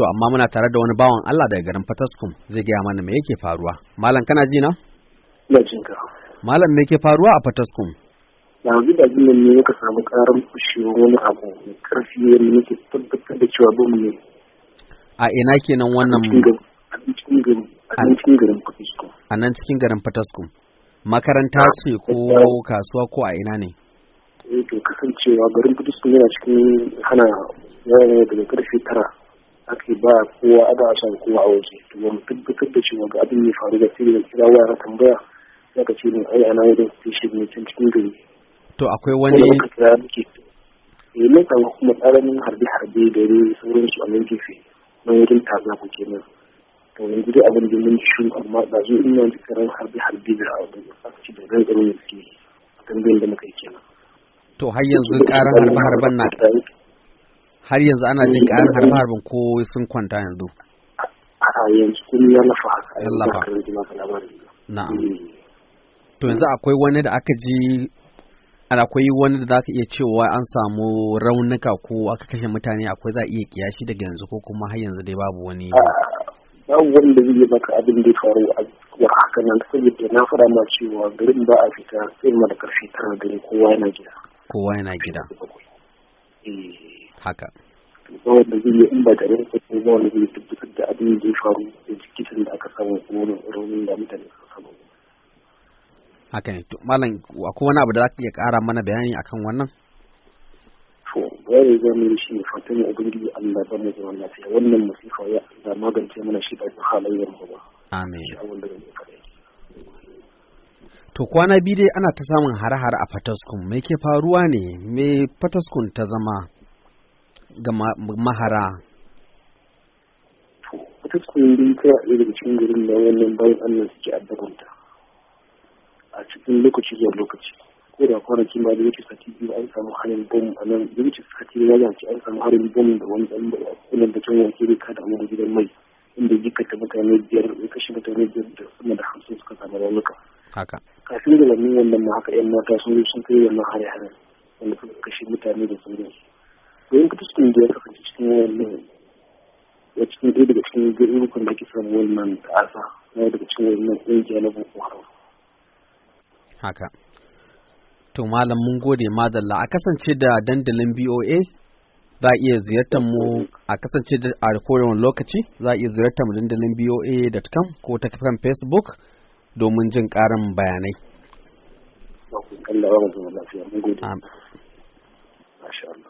To amma muna tare da wani bawan Allah daga garin Fataskum zai gaya mana me yake faruwa. Malam kana ji na? Ina jin ka. Malam me yake faruwa a Fataskum? Yanzu da jin ne muka samu karin kushewar wani abu karfi ne muke tabbatar da cewa mu ne. A ina kenan wannan A a cikin garin Fataskum. A nan cikin garin Fataskum. Makaranta ah, ce ko kasuwa ko a ina ne? Eh to kasancewa garin Fataskum yana cikin hana yana daga karfe tara ake ba kowa ana son kowa a waje to ba mu tabbatar da cewa ga abin ya faru da sai da kira waya tambaya ya ka ce ne ai ana yadda su shi ne can cikin gari to akwai wani ka kira muke eh ne kan kuma tsaranin harbe harbe da ne sauran su a nan gefe yi wurin za ku ke nan to yanzu gudu abin da mun shi amma da zo ina da karan harbe harbe da abin da ci da ran tsaro ne suke a tambayin da muka yi kenan to har yanzu karan harbe harben na har yanzu ana jin ƙarin harbe harbin ko sun kwanta yanzu a yanzu kun ya lafa ya lafa eh. to yanzu akwai wani da aka ji akwai wani da zaka iya cewa an samu raunuka ko aka kashe mutane akwai za a iya kiyashi daga yanzu ko kuma har yanzu dai babu wani babu wanda zai baka abin da ya faru a war haka nan saboda na fara ma cewa garin ba a fita sai ma da karfe tara dare kowa yana gida kowa yana gida eh. haka ba wanda zai yi in ba da ba faru da da aka samu da mutane haka ne malam akwai wani abu da za ka iya ƙara mana bayani akan wannan to bayani zai mai shi ne fatan ya ubangiji Allah ba lafiya wannan masifa ya da magance mana shi da mu ba amin To kwana biyu dai ana ta samun hare-hare a Fataskun, me ke faruwa ne, me Fataskun ta zama? ga mahara wata tsundun ta yi daga cikin gurin da wannan bayan allah suke addabanta a cikin lokaci zuwa lokaci ko da kwanaki ba da yake sati biyu an samu harin bom a nan da yake sati biyu ya ce an samu harin bom da wani ɗan kunan da can wanke da kada mu gidan mai inda jikata mutane biyar da kashe mutane biyar da sama da hamsin suka samu raunuka haka kafin da wannan ma haka yan mata sun yi sun kai wannan hare-haren wanda suka kashe mutane da sauransu da ya kasance cikin wannan ya cikin ɗaya daga cikin garurukan da ke samu wannan ta'asa na daga cikin wannan ƙungiya na boko haram haka to malam mun gode madalla a kasance da dandalin BOA za a iya ziyartar mu a kasance da a kowane lokaci za iya ziyartar mu dandalin BOA.com ko ta kan Facebook domin jin ƙarin bayanai. Allah ya lafiya mun gode. Masha Allah.